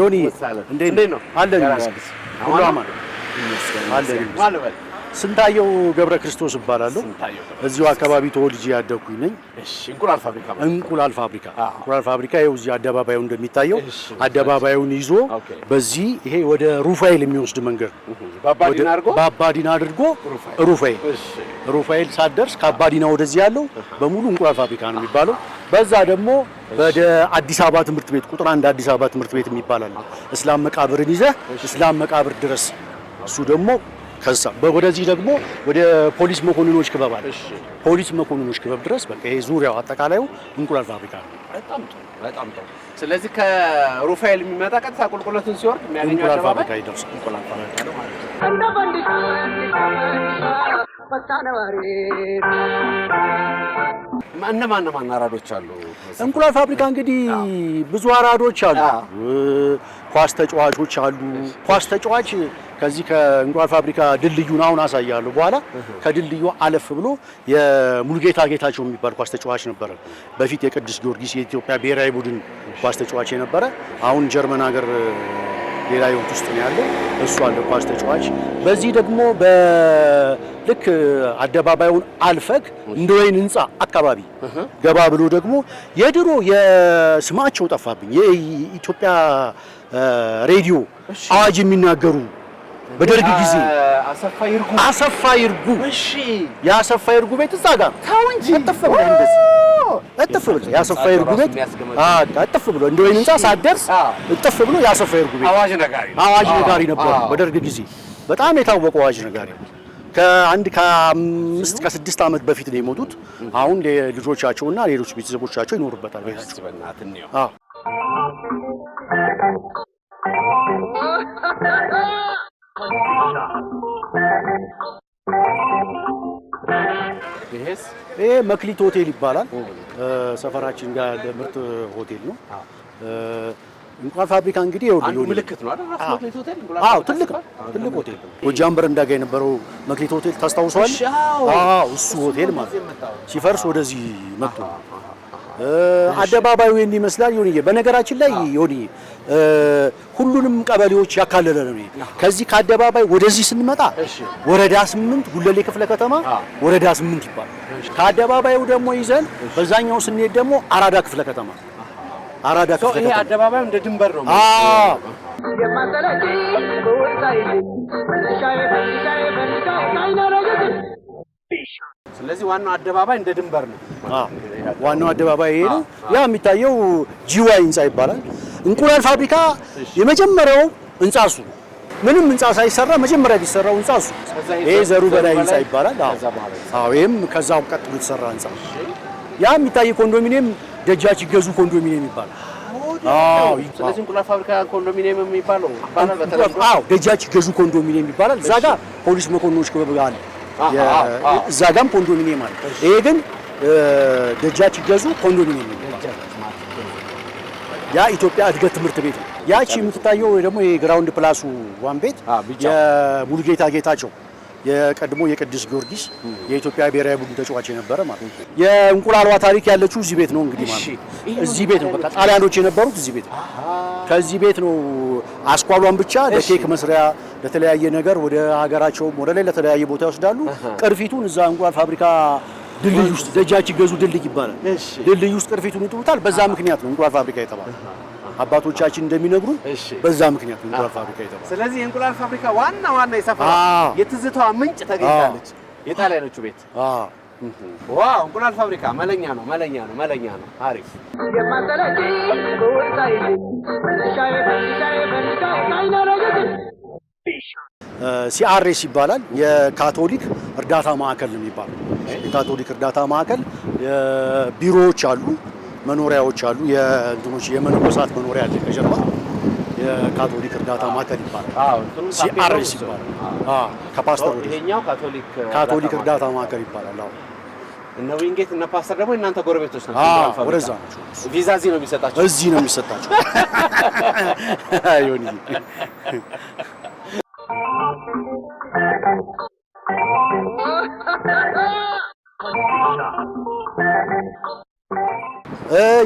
ዮኒ እንዴት ነው? አለን ይመስገን ሁሉ አማን አለን ይመስገን ስንታየው ገብረ ክርስቶስ እባላለሁ። እዚሁ አካባቢ ተወልጄ ያደኩኝ ነኝ። እንቁላል ፋብሪካ እንቁላል ፋብሪካ እንቁላል ፋብሪካ ይኸው እዚህ አደባባዩ እንደሚታየው አደባባዩን ይዞ በዚህ ይሄ ወደ ሩፋኤል የሚወስድ መንገድ ነው። በአባዲና አድርጎ ሩፋኤል ሩፋኤል ሳትደርስ ከአባዲና ወደዚህ ያለው በሙሉ እንቁላል ፋብሪካ ነው የሚባለው። በዛ ደግሞ ወደ አዲስ አበባ ትምህርት ቤት ቁጥር አንድ አዲስ አበባ ትምህርት ቤት የሚባል አለ። እስላም መቃብርን ይዘህ እስላም መቃብር ድረስ እሱ ደግሞ ከዛ በወደዚህ ደግሞ ወደ ፖሊስ መኮንኖች ክበብ አለ። ፖሊስ መኮንኖች ክበብ ድረስ በቃ የዙሪያው አጠቃላዩ እንቁላል ፋብሪካ ነው። በጣም ጥሩ፣ በጣም ጥሩ። ስለዚህ ከሩፋኤል የሚመጣ ቀጥታ ቁልቁለቱን ሲወርድ የሚያገኘው እንቁላል ፋብሪካ ይደርሳል። እንቁላል ፋብሪካ ነው ማለት ነው። እነማን እነማን አራዶች አሉ? እንቁላል ፋብሪካ እንግዲህ ብዙ አራዶች አሉ። ኳስ ተጫዋቾች አሉ። ኳስ ተጫዋች ከዚህ ከእንቁላል ፋብሪካ ድልድዩን አሁን አሳያለሁ። በኋላ ከድልድዩ አለፍ ብሎ የሙሉጌታ ጌታቸው የሚባል ኳስ ተጫዋች ነበረ። በፊት የቅዱስ ጊዮርጊስ የኢትዮጵያ ብሔራዊ ቡድን ኳስ ተጫዋች የነበረ አሁን ጀርመን ሀገር ሌላ ህይወት ውስጥ ነው ያለው። እሱ አለ ኳስ ተጫዋች። በዚህ ደግሞ በልክ አደባባዩን አልፈክ እንደ ወይን ህንፃ አካባቢ ገባ ብሎ ደግሞ የድሮ የስማቸው ጠፋብኝ የኢትዮጵያ ሬዲዮ አዋጅ የሚናገሩ በደርግ ጊዜ አሰፋ ይርጉ የአሰፋ ይርጉ ቤት እዛ ጋር እጥፍ ብሎ የአሰፋ ይርጉ ቤት እጥፍ ብሎ እንደ ወይን ህንፃ ሳትደርስ እጥፍ ብሎ የአሰፋ ይርጉ ቤት አዋጅ ነጋሪ በደርግ ጊዜ በጣም የታወቁ አዋጅ ነጋሪ ከአንድ ከአምስት ከስድስት ዓመት በፊት ነው የሞቱት። አሁን ልጆቻቸውና ሌሎች ቤተሰቦቻቸው ይኖሩበታል ቤታቸው። አዎ ይሄ መክሊት ሆቴል ይባላል። ሰፈራችን ጋር ያለ ምርጥ ሆቴል ነው። እንቁላል ፋብሪካ እንግዲህ ይኸውልህ አንዱ ምልክት ነው አይደል? አዎ፣ ትልቅ ትልቅ ሆቴል ነው። ጎጃም በረንዳ ጋር የነበረው መክሊት ሆቴል ታስታውሰዋል? አዎ፣ እሱ ሆቴል ማለት ሲፈርስ ወደዚህ መጥቶ አደባባዩ ይመስላል። ዮኒዬ በነገራችን ላይ ዮኒዬ ሁሉንም ቀበሌዎች ያካለለ ነው። ከዚህ ከአደባባይ ወደዚህ ስንመጣ ወረዳ ስምንት ጉለሌ ክፍለ ከተማ ወረዳ ስምንት ይባላል። ከአደባባዩ ደግሞ ይዘን በዛኛው ስንሄድ ደግሞ አራዳ ክፍለ ከተማ አራዳ ክፍለ ከተማ አደባባዩ እንደ ድንበር ነው። አዎ ስለዚህ ዋናው አደባባይ እንደ ድንበር ነው። ዋናው አደባባይ ይሄ ነው። ያ የሚታየው ጂዋይ ህንፃ ይባላል። እንቁላል ፋብሪካ የመጀመሪያው ህንፃ እሱ ምንም ህንፃ ሳይሰራ መጀመሪያ ቢሰራው ህንፃ እሱ። ይሄ ዘሩ በላይ ህንፃ ይባላል። አዎ ይሄም ከዛው ቀጥሎ የተሰራ ህንፃ። ያ የሚታየው ኮንዶሚኒየም ደጃች ይገዙ ኮንዶሚኒየም ይባላል። አዎ ስለዚህ እንቁላል ፋብሪካ ኮንዶሚኒየም የሚባለው አዎ ደጃች ይገዙ ኮንዶሚኒየም ይባላል። እዛ ጋር ፖሊስ መኮንኖች ክበብ አለ፣ እዛ ጋርም ኮንዶሚኒየም አለ። ይሄ ግን ደጃች ይገዙ ኮንዶሚኒየም ያ ኢትዮጵያ እድገት ትምህርት ቤት ነው። ያቺ የምትታየው ደግሞ የግራውንድ ፕላሱ ዋን ቤት የሙሉጌታ ጌታቸው የቀድሞ የቅዱስ ጊዮርጊስ የኢትዮጵያ ብሔራዊ ቡድን ተጫዋች የነበረ ማለት ነው። የእንቁላሏ ታሪክ ያለችው እዚህ ቤት ነው እንግዲህ ማለት ነው። እዚህ ቤት ነው። በቃ ጣሊያኖች የነበሩት እዚህ ቤት ነው። ከዚህ ቤት ነው አስኳሏን ብቻ ለኬክ መስሪያ፣ ለተለያየ ነገር ወደ ሀገራቸውም ወደ ላይ ለተለያየ ቦታ ይወስዳሉ። ቅርፊቱን እዛ እንቁላል ፋብሪካ ድልድይ ውስጥ ደጃች ገዙ ድልድይ ይባላል። ድልድይ ውስጥ ቅርፊቱን ይጥሉታል። በዛ ምክንያት ነው እንቁላል ፋብሪካ የተባለ። አባቶቻችን እንደሚነግሩ በዛ ምክንያት ነው እንቁላል ፋብሪካ የተባለ። ስለዚህ የእንቁላል ፋብሪካ ዋና ዋና የሰፈራ የትዝታዋ ምንጭ ተገኝታለች። የጣሊያኖቹ ቤት ዋው! እንቁላል ፋብሪካ መለኛ ነው፣ መለኛ ነው፣ መለኛ ነው። አሪፍ ሲአርኤስ ይባላል። የካቶሊክ እርዳታ ማዕከል ነው የሚባለው። የካቶሊክ እርዳታ ማዕከል ቢሮዎች አሉ፣ መኖሪያዎች አሉ። የእንትኖች የመነኮሳት መኖሪያ አለ ከጀርባ የካቶሊክ እርዳታ ማዕከል ይባላል። ሲአርኤስ ይባላል። ከፓስተር ይሄኛው ካቶሊክ እርዳታ ማዕከል ይባላል። አዎ እነ ዊንጌት እነ ፓስተር ደግሞ እናንተ ጎረቤቶች ናቸው። ወደዛ ናቸው። ቪዛ እዚህ ነው የሚሰጣቸው፣ እዚህ ነው የሚሰጣቸው።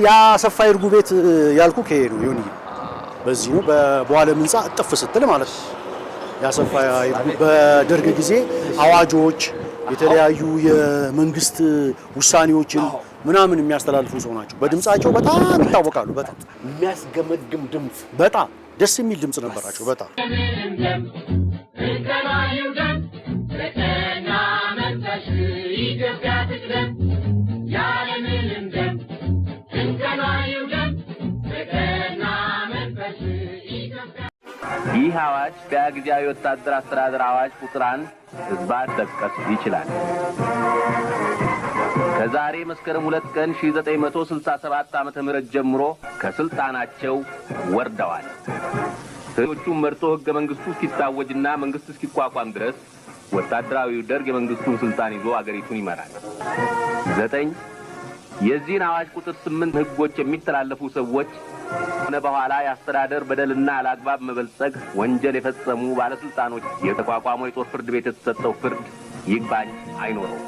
ያሰፋ ይርጉ ቤት ያልኩ ከሄ ነው ይሁን በዚህ ነው በበኋላ ምንጻ እጥፍ ስትል ማለት ነው። ያሰፋ ይርጉ በደርግ ጊዜ አዋጆች፣ የተለያዩ የመንግስት ውሳኔዎችን ምናምን የሚያስተላልፉ ሰው ናቸው። በድምጻቸው በጣም ይታወቃሉ። በጣም የሚያስገመግም ድምጽ፣ በጣም ደስ የሚል ድምጽ ነበራቸው። በጣም ይህ አዋጅ ከጊዜያዊ ወታደር አስተዳደር አዋጅ ቁጥር አንድ ህዝባት ጠቀስ ይችላል። ከዛሬ መስከረም ሁለት ቀን 967 ዓ ም ጀምሮ ከስልጣናቸው ወርደዋል። ህዎቹም መርጦ ህገ መንግስቱ እስኪታወጅና መንግስት እስኪቋቋም ድረስ ወታደራዊው ደርግ የመንግስቱን ስልጣን ይዞ አገሪቱን ይመራል። ዘጠኝ የዚህን አዋጅ ቁጥር ስምንት ህጎች የሚተላለፉ ሰዎች ሆነ በኋላ የአስተዳደር በደልና አላግባብ መበልጸግ ወንጀል የፈጸሙ ባለስልጣኖች የተቋቋመው የጦር ፍርድ ቤት የተሰጠው ፍርድ ይግባኝ አይኖረው።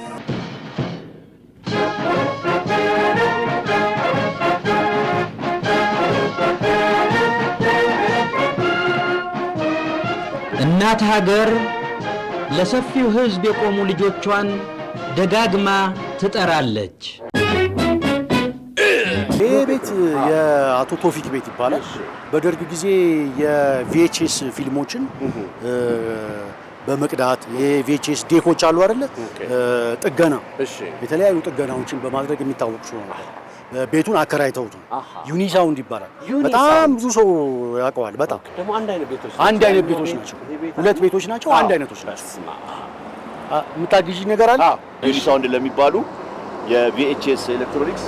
እናት ሀገር ለሰፊው ሕዝብ የቆሙ ልጆቿን ደጋግማ ትጠራለች። ይህ ቤት የአቶ ቶፊክ ቤት ይባላል። በደርግ ጊዜ የቪኤችኤስ ፊልሞችን በመቅዳት የቪኤችኤስ ዴኮች አሉ አይደለ? ጥገና የተለያዩ ጥገናዎችን በማድረግ የሚታወቅ ሲሆን ቤቱን አከራይተውት ዩኒ ሳውንድ ይባላል። በጣም ብዙ ሰው ያውቀዋል። በጣም አንድ አይነት ቤቶች አንድ አይነት ቤቶች ናቸው። ሁለት ቤቶች ናቸው፣ አንድ አይነቶች ናቸው። የምታግዢ ነገር አለ ዩኒ ሳውንድ ለሚባሉ የቪኤችኤስ ኤሌክትሮኒክስ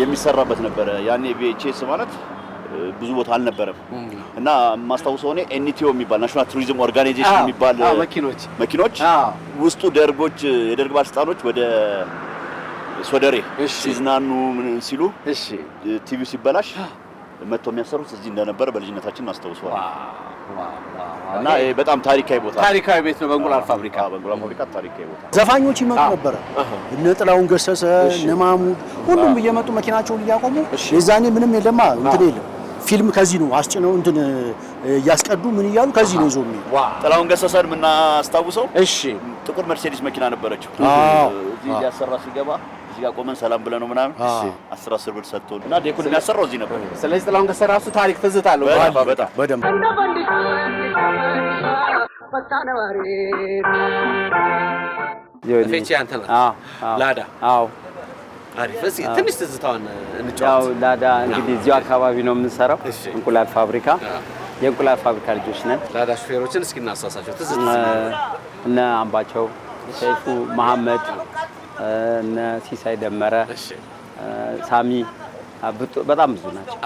የሚሰራበት ነበረ። ያኔ ቪኤችኤስ ማለት ብዙ ቦታ አልነበረም እና የማስታውሰው እኔ ኤንቲኦ የሚባል ናሽናል ቱሪዝም ኦርጋናይዜሽን የሚባል መኪኖች መኪኖች ውስጡ ደርጎች የደርግ ባለስልጣኖች ወደ ሶደሬ ሲዝናኑ ምን ሲሉ ቲቪ ሲበላሽ መጥቶ የሚያሰሩት እዚህ እንደነበረ በልጅነታችን አስታውሰዋል። እና ይሄ በጣም ታሪካዊ ቦታ ታሪካዊ ቤት ነው። በእንቁላል ፋብሪካ በእንቁላል ፋብሪካ ታሪካዊ ቦታ። ዘፋኞች ይመጡ ነበረ እነ ጥላሁን ገሰሰ እነ ማሙድ ሁሉም እየመጡ መኪናቸውን እያቆሙ የዛኔ ምንም የለማ እንትን የለም ፊልም ከዚህ ነው አስጭነው እንትን እያስቀዱ ምን እያሉ ከዚህ ነው ዞሚ ጥላሁን ገሰሰን የምናስታውሰው። እሺ ጥቁር መርሴዲስ መኪና ነበረችው እዚህ ሊያሰራ ሲገባ እዚህ ጋር ቆመን ሰላም ብለን ነው ምናምን አስር አስር ብር ሰጥቶን እና ዴኩን የሚያሰራው እዚህ ነበር። ስለዚህ ጥላሁን ገሰሰ ራሱ ታሪክ ትዝታ አለው በጣም በደምብ ፌቺ አንተ ናት ላዳ ትንሽ ትዝታውን እንጫወት። ላዳ እንግዲህ እዚሁ አካባቢ ነው የምንሰራው እንቁላል ፋብሪካ የእንቁላል ፋብሪካ ልጆች ነን። ላዳ ሹፌሮችን እስኪ እናሳሳቸው። እነ አምባቸው፣ ሰይፉ፣ መሐመድ እነ ሲሳይ ደመረ፣ ሳሚ በጣም ብዙ ናቸው።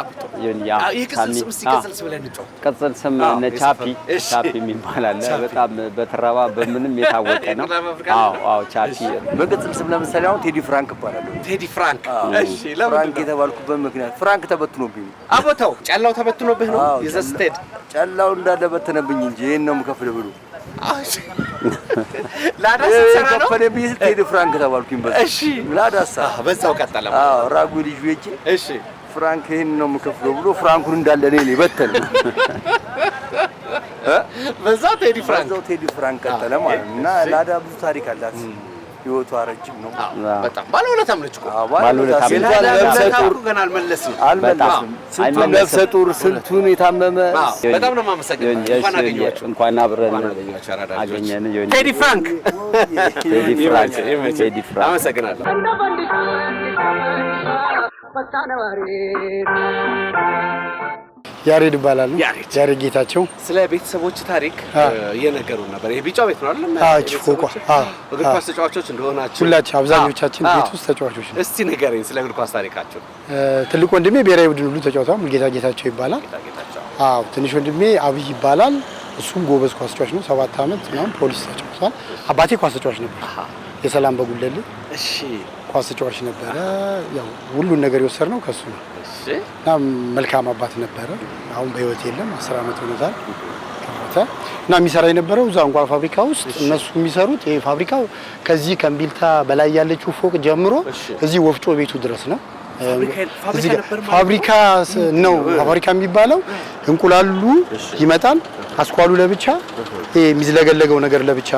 ቅጽል ስም እነ ቻፒ ቻፒ የሚባል አለ። በጣም በትረባ በምንም የታወቀ ነው። አዎ አዎ፣ ቻፒ በቅጽል ስም ለምሳሌ አሁን ቴዲ ፍራንክ እባላለሁ። ቴዲ ፍራንክ። እሺ፣ ፍራንክ የተባልኩበት ምክንያት ፍራንክ ተበትኖብኝ ነው። አቦታው ጨላው ተበትኖብህ ነው ይዘህ ስትሄድ? ጨላው እንዳለ በተነብኝ እንጂ ይሄን ነው የምከፍልህ ብሎ ከፈለብኝ ስልክ ሄደ ፍራንክ ተባልኩኝ። ላዳሳ በዛው ቀጠለ ራጉ ልጅ ሄጄ ፍራንክ ይሄን ነው የምከፍለው ብሎ ፍራንኩን እንዳለ እኔ ነው በተነ። በዛው ቴዲ ፍራንክ ቀጠለ ማለት እና ላዳ ብዙ ታሪክ አላት። ህይወቷ ረጅም ነው። በጣም ባለውለታም ነች እኮ ባለውለታም ገና አልመለስም አልመለስም። ስንቱን ነፍሰ ጡር ስንቱን የታመመ በጣም ነው የማመሰግነው። እንኳን አገኘኋቸው እንኳን አብረን አገኘን። ቴዲ ፍራንክ ቴዲ ፍራንክ አመሰግናለሁ። ያሬድ ይባላል። ያሬድ ጌታቸው ስለ ቤተሰቦች ታሪክ እየነገሩ ነበር። ይሄ ቢጫ ቤት ነው አይደል? እግር ኳስ ተጫዋቾች እንደሆናችሁ ሁላችሁ አብዛኞቻችን ቤት ውስጥ ተጫዋቾች ነው። እስቲ ንገረኝ ስለ እግር ኳስ ታሪካቸው። ትልቅ ወንድሜ ብሔራዊ ቡድን ሁሉ ተጫውቷል። ጌታ ጌታቸው ይባላል። አዎ፣ ትንሽ ወንድሜ አብይ ይባላል። እሱም ጎበዝ ኳስ ተጫዋች ነው። ሰባት አመት ምናምን ፖሊስ ተጫውቷል። አባቴ ኳስ ተጫዋች ነበር። የሰላም በጉለሌ እሺ፣ ኳስ ተጫዋች ነበረ። ያው ሁሉን ነገር የወሰድነው ከሱ ነው። እና መልካም አባት ነበረ። አሁን በህይወት የለም፣ አስር ዓመት ሆኖታል ከሞተ እና የሚሰራ የነበረው እዛ እንኳን ፋብሪካ ውስጥ እነሱ የሚሰሩት ይሄ ፋብሪካው ከዚህ ከምቢልታ በላይ ያለችው ፎቅ ጀምሮ እዚህ ወፍጮ ቤቱ ድረስ ነው ፋብሪካ ነው። ፋብሪካ የሚባለው እንቁላሉ ይመጣል፣ አስኳሉ ለብቻ፣ የሚዝለገለገው ነገር ለብቻ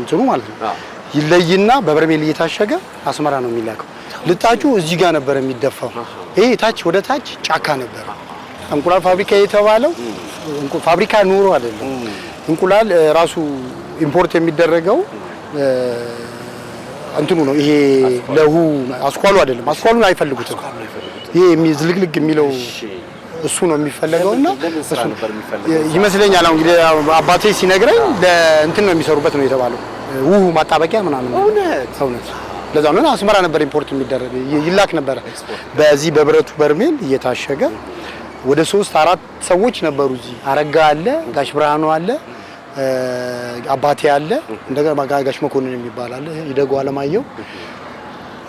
እንትኑ ማለት ነው ይለይና በበርሜል እየታሸገ አስመራ ነው የሚላከው። ልጣጩ እዚህ ጋር ነበር የሚደፋው። ይሄ ታች ወደ ታች ጫካ ነበር። እንቁላል ፋብሪካ የተባለው ፋብሪካ ኑሮ አይደለም። እንቁላል ራሱ ኢምፖርት የሚደረገው እንትኑ ነው። ይሄ ለሁ አስኳሉ አይደለም። አስኳሉን አይፈልጉትም። ይሄ የሚዝልግልግ የሚለው እሱ ነው የሚፈለገውና ይመስለኛል። አሁን እንግዲህ አባቴ ሲነግረኝ ለእንትን ነው የሚሰሩበት ነው የተባለው። ውሁ ማጣበቂያ ምናምን ነው። እውነት ለዛ ነው አስመራ ነበር ኢምፖርት የሚደረግ ይላክ ነበረ። በዚህ በብረቱ በርሜል እየታሸገ ወደ ሶስት አራት ሰዎች ነበሩ። እዚህ አረጋ አለ፣ ጋሽ ብርሃኑ አለ፣ አባቴ አለ፣ እንደገና ጋሽ መኮንን የሚባል አለ፣ ይደጉ አለማየሁ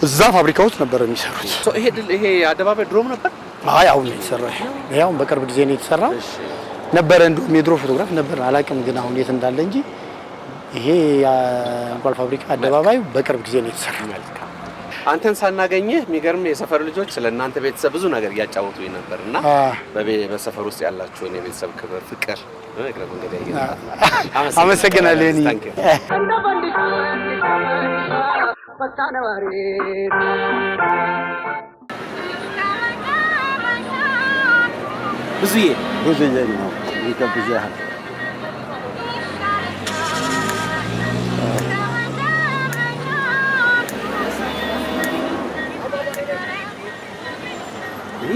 እዛ ፋብሪካ ውስጥ ነበር የሚሰሩት። ይሄ ይሄ አደባባይ ድሮም ነበር። አይ አሁን ነው የተሰራው። ያው በቅርብ ጊዜ ነው የተሰራው። ነበረ እንደውም የድሮ ፎቶግራፍ ነበር። አላቅም ግን አሁን የት እንዳለ እንጂ ይሄ የእንቁላል ፋብሪካ አደባባይ በቅርብ ጊዜ ነው የተሰራው። አንተን ሳናገኝህ የሚገርም የሰፈር ልጆች ስለ እናንተ ቤተሰብ ብዙ ነገር እያጫወቱ ነበር እና በሰፈር ውስጥ ያላችሁን የቤተሰብ ክብር፣ ፍቅር አመሰግናለሁ። ብዙዬ ብዙዬ ነው ያህል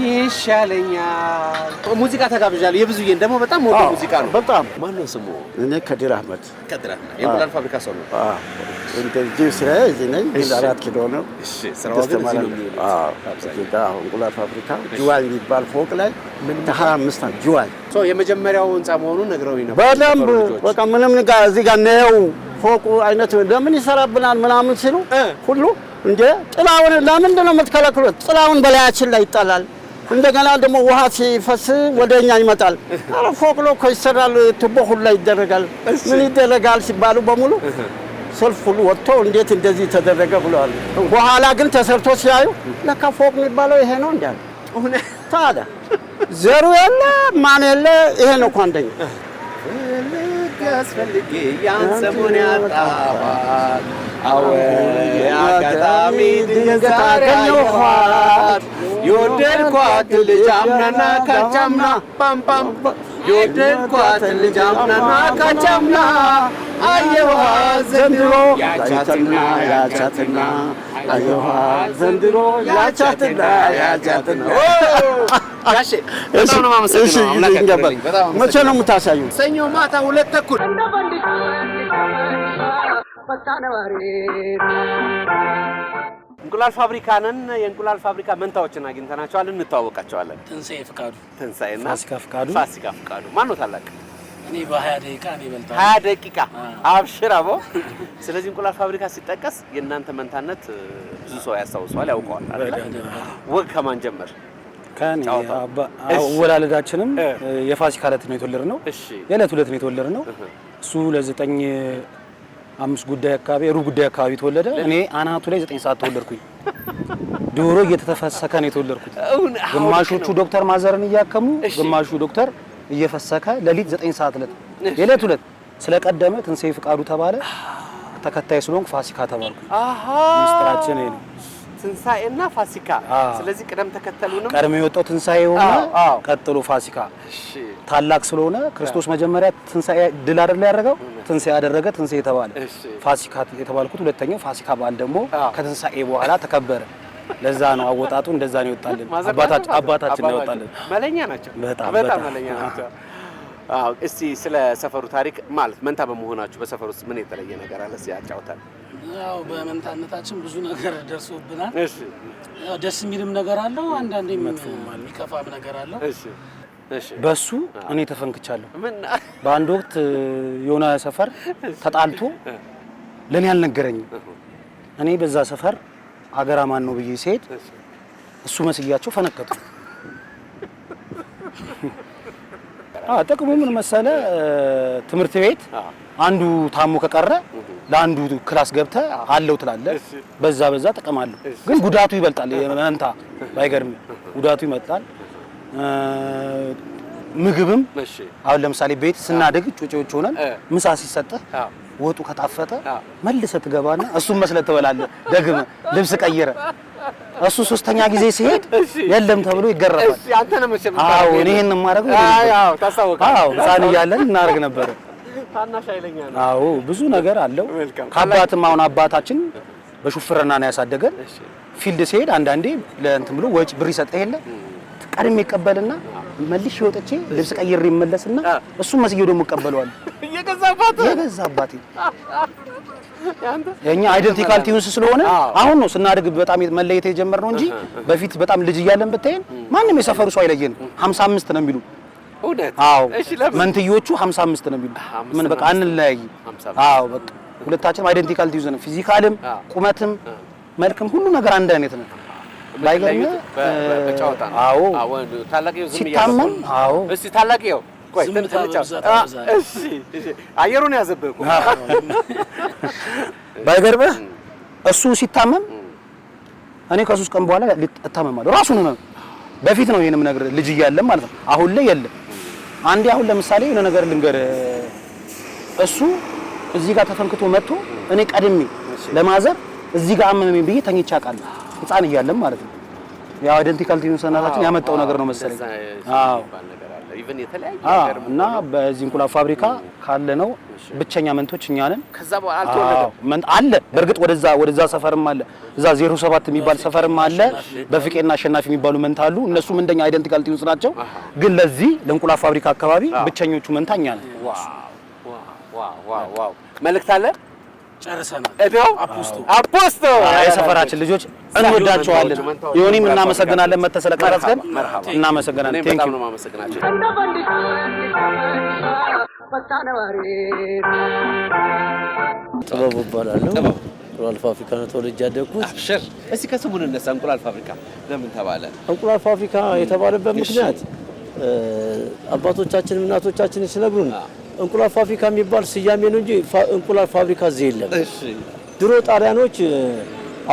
ይሻለኛል ሙዚቃ ተጋብዣለሁ። የብዙዬን ደግሞ በጣም ሞዶ ሙዚቃ ነው። በጣም ማን ነው ስሙ? እኔ ከዲር አህመድ ከዲር አህመድ የእንቁላል ፋብሪካ ሰው ነው። አዎ እንደዚህ ስራዬ እዚህ ነኝ። አራት ኪሎ ነው። እሺ ስራው ግን እንቁላል ፋብሪካ ጅዋኝ የሚባል ፎቅ ላይ ሀያ አምስት ነው ጅዋኝ። የመጀመሪያው ህንፃ መሆኑን ነግረውኝ ነው። በደንብ በቃ ምንም እዚህ ጋር ነው ፎቁ አይነት ለምን ይሰራብናል ምናምን ሲሉ ሁሉ እንደ ጥላውን ለምንድን ነው የምትከለክሉት? ጥላውን በላያችን ላይ ይጣላል እንደገና ደግሞ ውሃ ሲፈስ ወደ እኛ ይመጣል። አረ ፎቅ ሎ እኮ ይሰራል፣ ቱቦ ሁላ ይደረጋል። ምን ይደረጋል ሲባሉ በሙሉ ሰልፍ ሁሉ ወጥቶ እንዴት እንደዚህ ተደረገ ብለዋል። በኋላ ግን ተሰርቶ ሲያዩ ለካ ፎቅ የሚባለው ይሄ ነው እንዲያለ። ታዲያ ዘሩ የለ ማን የለ ይሄ ነው እኮ አንደኛ ያስፈልግ ያን ሰሞን አወ አጋጣሚ ድንገት አገኘኋት የወደድኳት ልጅ አምናና ካቻምና ፓምፓም የወደድኳት ልጅ አምናና ካቻምና አየውሃ ዘንድሮ ያቻትና ያቻትና አየውሃ ዘንድሮ ያቻትና ያቻትና መቼ ነው የምታሳዩ? ሰኞ ማታ ሁለት ተኩል እንቁላል ፋብሪካንን የእንቁላል ፋብሪካ መንታዎችን አግኝተናቸዋል፣ እንተዋወቃቸዋለን። ትንሳኤ ፍቃዱ ትንሣኤና ፋሲካ ፍቃዱ ፋሲካ ፍቃዱ ማን ነው ታላቅ? እኔ በሀያ ደቂቃ ነው ይበልጣል። ሀያ ደቂቃ አብሽር አቦ። ስለዚህ እንቁላል ፋብሪካ ሲጠቀስ የእናንተ መንታነት ብዙ ሰው ያስታውሰዋል፣ ያውቀዋል። ወግ ከማን ጀመር? አወላለዳችንም የፋሲካ ዕለት ነው የተወለድነው። የዕለት ሁለት ነው የተወለድነው። እሱ ለዘጠኝ አምስት ጉዳይ አካባቢ ሩብ ጉዳይ አካባቢ ተወለደ። እኔ አናቱ ላይ ዘጠኝ ሰዓት ተወለድኩኝ። ዶሮ እየተፈሰከ ነው የተወለድኩት። ግማሾቹ ዶክተር ማዘርን እያከሙ፣ ግማሹ ዶክተር እየፈሰከ ሌሊት ዘጠኝ ሰዓት ዕለት የዕለት ሁለት ስለቀደመ ትንሣኤ ፍቃዱ ተባለ። ተከታይ ስለሆንኩ ፋሲካ ተባልኩ። አሃ ነው። ትንሳኤና ፋሲካ። ስለዚህ ቅደም ተከተሉንም ቀድሞ የወጣው ትንሳኤ ሆነ፣ ቀጥሎ ፋሲካ። ታላቅ ስለሆነ ክርስቶስ መጀመሪያ ትንሳኤ ድል አደለ ያደረገው ትንሳኤ ያደረገ ትንሳኤ የተባለ ፋሲካ የተባልኩት ሁለተኛው ፋሲካ በዓል ደግሞ ከትንሳኤ በኋላ ተከበረ። ለዛ ነው አወጣጡ እንደዛ ነው ይወጣልን። አባታችን አባታችን ነው ይወጣልን። መለኛ ናቸው፣ በጣም በጣም መለኛ ናቸው። አዎ፣ እስቲ ስለ ሰፈሩ ታሪክ ማለት መንታ በመሆናችሁ በሰፈሩ ውስጥ ምን የተለየ ነገር አለ? ሲያጫውታል አጫውታል። ያው በመንታነታችን ብዙ ነገር ደርሶብናል። እሺ፣ ደስ የሚልም ነገር አለው፣ አንዳንዴም የሚከፋም ነገር አለው። እሺ በሱ እኔ ተፈንክቻለሁ። በአንድ ወቅት የሆነ ሰፈር ተጣልቶ ለእኔ አልነገረኝም። እኔ በዛ ሰፈር አገራ ማን ነው ብዬ ስሄድ እሱ መስያቸው ፈነከቱ። ጥቅሙ ምን መሰለ? ትምህርት ቤት አንዱ ታሞ ከቀረ ለአንዱ ክላስ ገብተ አለው ትላለ። በዛ በዛ ጥቅም አለው፣ ግን ጉዳቱ ይበልጣል። መንታ ባይገርም ጉዳቱ ይመጣል። ምግብም አሁን ለምሳሌ ቤት ስናደግ ጩጭዎች ሆነን ምሳ ሲሰጥህ ወጡ ከጣፈጠ መልሰ ትገባና እሱን መስለህ ትበላለህ። ደግመህ ልብስ ቀይረ እሱ ሶስተኛ ጊዜ ሲሄድ የለም ተብሎ ይገረፋል። አንተ የማደርገው አዎ፣ እያለን እናደርግ ነበረ። አዎ፣ ብዙ ነገር አለው። ከአባትም አሁን አባታችን በሹፍርና ነው ያሳደገን። ፊልድ ሲሄድ አንዳንዴ ለእንትን ብሎ ወጪ ብር ይሰጠ የለ ቀድም ይቀበልና መልሽ ወጥቼ ልብስ ቀይር ይመለስና እሱ መስዬው ደግሞ እቀበለዋለሁ። የገዛባት የገዛባት የኛ አይደንቲካል ቲዩንስ ስለሆነ አሁን ነው ስናድግ በጣም መለየት የጀመርነው እንጂ በፊት በጣም ልጅ እያለን ብታየን ማንም የሰፈሩ ሰው አይለየን። 55 ነው የሚሉ አዎ፣ መንትዮቹ 55 ነው የሚሉ ምን በቃ አንለያይም። አዎ በቃ ሁለታችንም አይደንቲካል ቲዩንስ ነው። ፊዚካልም፣ ቁመትም፣ መልክም ሁሉ ነገር አንድ አይነት ነው። ባይገርምህ በጨዋታ ነው። አዎ ታላቅዬው ዝም ሲታመም፣ አዎ እስኪ ታላቅዬው ቆይ እሺ፣ አየሩን ያዘብህ እኮ እሱ ሲታመም እኔ ከሶስት ቀን በኋላ እታመማለሁ። ራሱን ነው በፊት ነው ይሄንም ነገር ልጅ እያለም ማለት ነው። አሁን ላይ የለም። አንዴ አሁን ለምሳሌ የሆነ ነገር ልንገርህ፣ እሱ እዚህ ጋር ተፈንክቶ መጥቶ እኔ ቀድሜ ለማዘር እዚህ ጋር አመመኝ ብዬ ተኝቼ አውቃለሁ። ህፃን እያለም ማለት ነው። ያው አይደንቲካል ቲዩን እናታችን ያመጣው ነገር ነው መሰለኝ። አዎ እና በዚህ እንቁላል ፋብሪካ ካለ ነው ብቸኛ መንቶች እኛ ነን። አለ በእርግጥ ወደዛ ወደዛ ሰፈርም አለ እዛ 07 የሚባል ሰፈርም አለ። በፍቄና አሸናፊ የሚባሉ መንታ አሉ። እነሱም እንደኛ አይደንቲካል ቲዩንስ ናቸው። ግን ለዚህ ለእንቁላል ፋብሪካ አካባቢ ብቸኞቹ መንታ እኛ ነን። መልእክት አለ ጨርሰናል። አፖስቶ አፖስቶ የሰፈራችን ልጆች እንወዳቸዋለን። ዮኒም እናመሰግናለን። መተህ ስለቀረጽከን እናመሰግናለን። ቴንክ ዩ ጥበቡ እባላለሁ። እንቁላል ፋብሪካ ነው ተወልጄ ያደግኩት። እስኪ እንቁላል ፋብሪካ ለምን ተባለ? እንቁላል ፋብሪካ የተባለበት ምክንያት አባቶቻችን እናቶቻችን ስለብሩን እንቁላል ፋብሪካ የሚባል ስያሜ ነው እንጂ እንቁላል ፋብሪካ እዚህ የለም። ድሮ ጣሊያኖች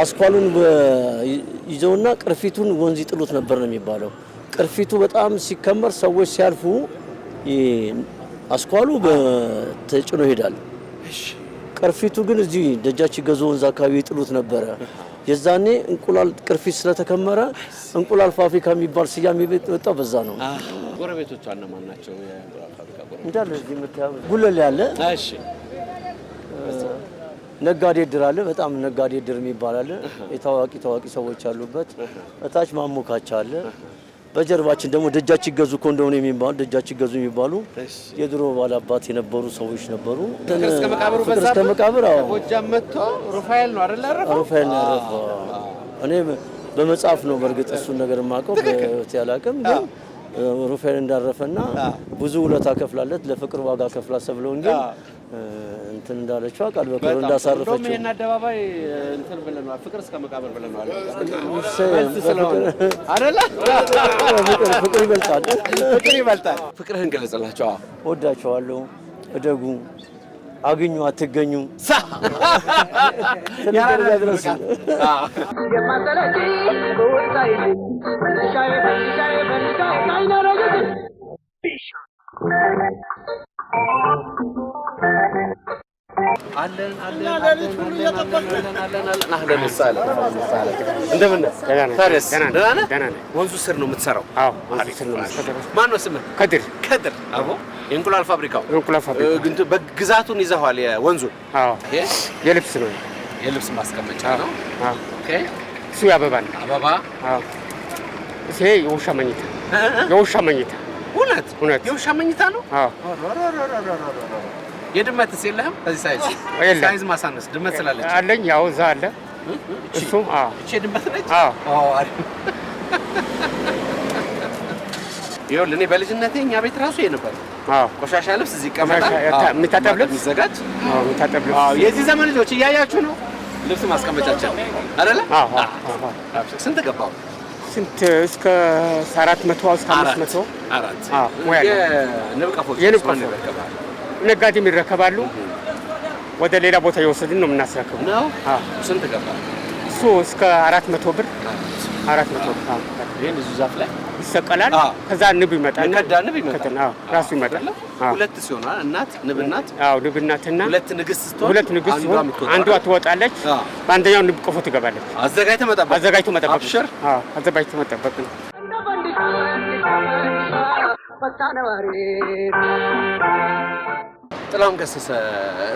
አስኳሉን ይዘውና ቅርፊቱን ወንዝ ይጥሉት ነበር ነው የሚባለው። ቅርፊቱ በጣም ሲከመር ሰዎች ሲያልፉ አስኳሉ ተጭኖ ይሄዳል። ቅርፊቱ ግን እዚህ ደጃች ገዞ ወንዝ አካባቢ ይጥሉት ነበረ። የዛኔ እንቁላል ቅርፊት ስለተከመረ እንቁላል ፋብሪካ የሚባል ስያሜ የወጣው በዛ ነው። ጎረቤቶቿ እነማን ናቸው? እንዳለ እዚህ የምታየው ጉለሌ ያለ ነጋዴ ድር አለ። በጣም ነጋዴ ድር የሚባል አለ። የታዋቂ ታዋቂ ሰዎች አሉበት። እታች ማሞካቻ አለ። በጀርባችን ደግሞ ደጃች ይገዙ ኮንዶም የሚባሉ ደጃች ይገዙ የሚባሉ የድሮ ባላባት የነበሩ ሰዎች ነበሩ። ፍቅር እስከ መቃብር ጎጃም መጥቶ ሩፋኤል ነው አይደል? ሩፋኤል ነው ያረፈው። እኔ በመጽሐፍ ነው በእርግጥ እሱን ነገር የማውቀው በህይወት ያላቅም ግን ሩፋኤል እንዳረፈና ብዙ ውለታ ከፍላለት ለፍቅር ዋጋ ከፍላ ሰብለውን ግን እንትን እንዳለችው አውቃለሁ። በኮሮ እንዳሳረፈችው አደባባይ እንትን ፍቅር እስከ መቃብር ብለናል አይደለ? ፍቅር ይበልጣል፣ ፍቅር ይበልጣል። ፍቅርህን ገለጽላቸው። ወዳቸዋለሁ፣ እደጉ፣ አግኙ፣ አትገኙ ያድረሱ ወንዙ ስር ነው የምትሰራው? አዎ ነው ስምህ? ከድር ከድር። አቦ የእንቁላል ፋብሪካው እንቁላል ፋብሪካው በግዛቱን ይዘዋል። ወንዙን? አዎ የልብስ ነው የልብስ ማስቀመጫ ነው። ኦኬ እሱ የአበባ ነው። አበባ አዎ። እሱ የውሻ መኝታ የውሻ መኝታ። እውነት እውነት የውሻ መኝታ ነው። አዎ የድመትስ የለህም? በዚህ ሳይዝ ሳይዝ ማሳነስ ድመት ስላለች አለኝ። ያው እዛ አለ እሱም። አዎ እቺ ድመት ነች። አዎ አሪፍ። ይኸውልህ እኔ በልጅነቴ እኛ ቤት ራሱ የነበረ አዎ ቆሻሻ ልብስ እዚህ ይቀመጣል። የሚታጠብ ልብስ ይዘጋጅ። አዎ የሚታጠብ ልብስ። አዎ የዚህ ዘመን ልጆች እያያችሁ ነው። ልብስ ማስቀመጫችን አይደለ? አዎ አዎ። ስንት ገባው? ስንት እስከ 400 እስከ 500 አራት። አዎ የንብ ቀፎ የንብ ቀፎ ነጋዴም ይረከባሉ። ወደ ሌላ ቦታ የወሰድን ነው የምናስረክቡ። ስንት ገባ? እሱ እስከ አራት መቶ ብር አራት መቶ ብር ይህን ብዙ ዛፍ ላይ ይሰቀላል። ከዛ ንብ ይመጣል፣ ንብ ይመጣል፣ ራሱ ይመጣል። ሁለት ሲሆን እናት ንብ እናት፣ አዎ ንብ እናትና ሁለት ንግስት ስትሆን ሁለት ንግስት ሲሆን አንዷ ትወጣለች፣ በአንደኛው ንብ ቆፎ ትገባለች። አዘጋጅቶ መጠበቅ አዘጋጅቶ መጠበቅ አብሽር፣ አዎ አዘጋጅቶ መጠበቅ ነው። ጥላሁን ገሰሰ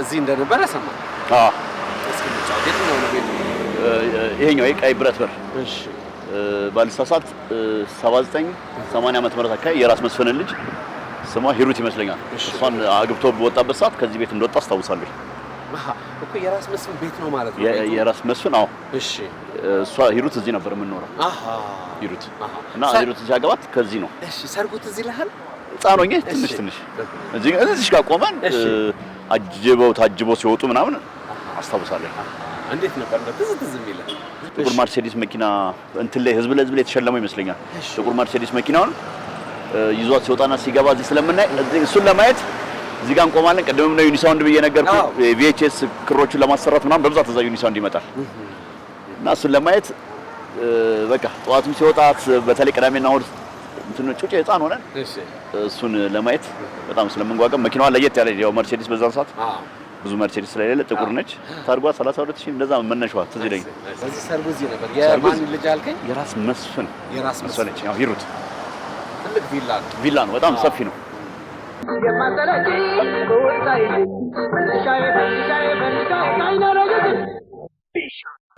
እዚህ እንደነበረ ሰማ። አዎ እስኪ ልጫወት። የትኛው ነው ቤቱ? ይሄኛው የቀይ ብረት በር። እሺ ባልሳሳት 79 80 ዓመተ ምረት አካባቢ የራስ መስፍንን ልጅ ስሟ ሂሩት ይመስለኛል። እሷን አግብቶ በወጣበት ሰዓት ከዚህ ቤት እንደወጣ አስታውሳለሁ። እኮ የራስ መስፍን ቤት ነው ማለት ነው። የራስ መስፍን አዎ። እሺ እሷ ሂሩት እዚህ ነበር የምንኖረው። አሃ ሂሩት አሃ እና ሂሩት ሲያገባት ከዚህ ነው። እሺ ሰርጉት እዚህ ልሃል ህፃኖኝ ትንሽ ትንሽ እዚህ ጋር ቆመን አጅበው ታጅበው ሲወጡ ምናምን አስታውሳለሁ። እንዴት ነበር ትዝ ትዝ የሚለው ጥቁር ማርሴዲስ መኪና እንትን ላይ ህዝብ ለህዝብ ላይ የተሸለመው ይመስለኛል። ጥቁር ማርሴዲስ መኪናውን ይዟት ሲወጣና ሲገባ እዚህ ስለምናይ እሱን ለማየት እዚህ ጋር እንቆማለን። ቅድምም ነው ዩኒሳውንድ ብዬ ነገርኩህ። ቪኤችኤስ ክሮቹን ለማሰራት ምናምን በብዛት እዛ ዩኒሳውንድ ይመጣል እና እሱን ለማየት በቃ ጠዋትም ሲወጣት በተለይ ቅዳሜና እሑድ እንትኖቹ ህፃን ሆነን እሱን ለማየት በጣም ስለምንጓጓ መኪናዋ ለየት ያለ ያው መርሴዲስ በዛን ሰዓት ብዙ መርሴዲስ ስለሌለ ጥቁር ነች። ታርጓ 32 ሺህ እንደዛ መነሻዋ ትዝ ይለኝ። እዚህ ሰርጉ እዚህ ነበር። የማን ልጅ አልከኝ? የራስ መስፍን የራስ መስፍን ነች። ያው ሂሩት ትልቅ ቪላ ነው። ቪላ ነው፣ በጣም ሰፊ ነው።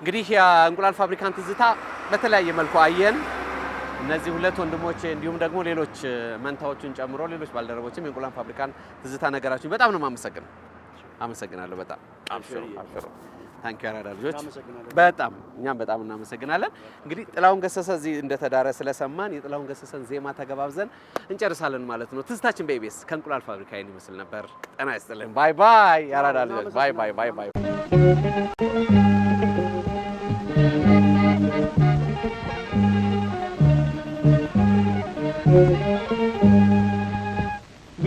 እንግዲህ የእንቁላል ፋብሪካን ትዝታ በተለያየ መልኩ አየን። እነዚህ ሁለት ወንድሞቼ እንዲሁም ደግሞ ሌሎች መንታዎቹን ጨምሮ ሌሎች ባልደረቦችም የእንቁላል ፋብሪካን ትዝታ ነገራችሁ። በጣም ነው የማመሰግነው። አመሰግናለሁ። በጣም አብሽሩ፣ አብሽሩ። ታንኪ ያራዳ ልጆች በጣም እኛም በጣም እናመሰግናለን። እንግዲህ ጥላሁን ገሰሰ እዚህ እንደተዳረ ስለሰማን የጥላሁን ገሰሰን ዜማ ተገባብዘን እንጨርሳለን ማለት ነው። ትዝታችን በኢቢኤስ ከእንቁላል ፋብሪካ ይህን ይመስል ነበር። ጤና ይስጥልን። ባይ ባይ። ያራዳ ልጆች ባይ ባይ ባይ ባይ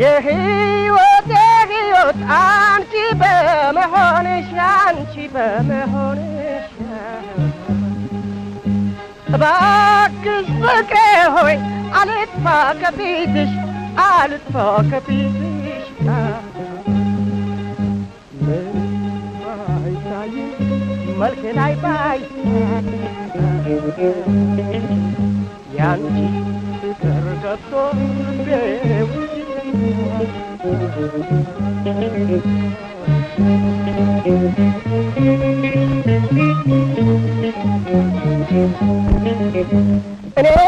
የህይወቴ ህይወት አንቺ በመሆንሽ አንቺ በመሆንሽ እባክሽ ፍቅሬ ሆይ አልጥፋ ከፊትሽ አልጥፋ ከፊትሽ መልክ ላይ ባይ ያንቺ zato pevao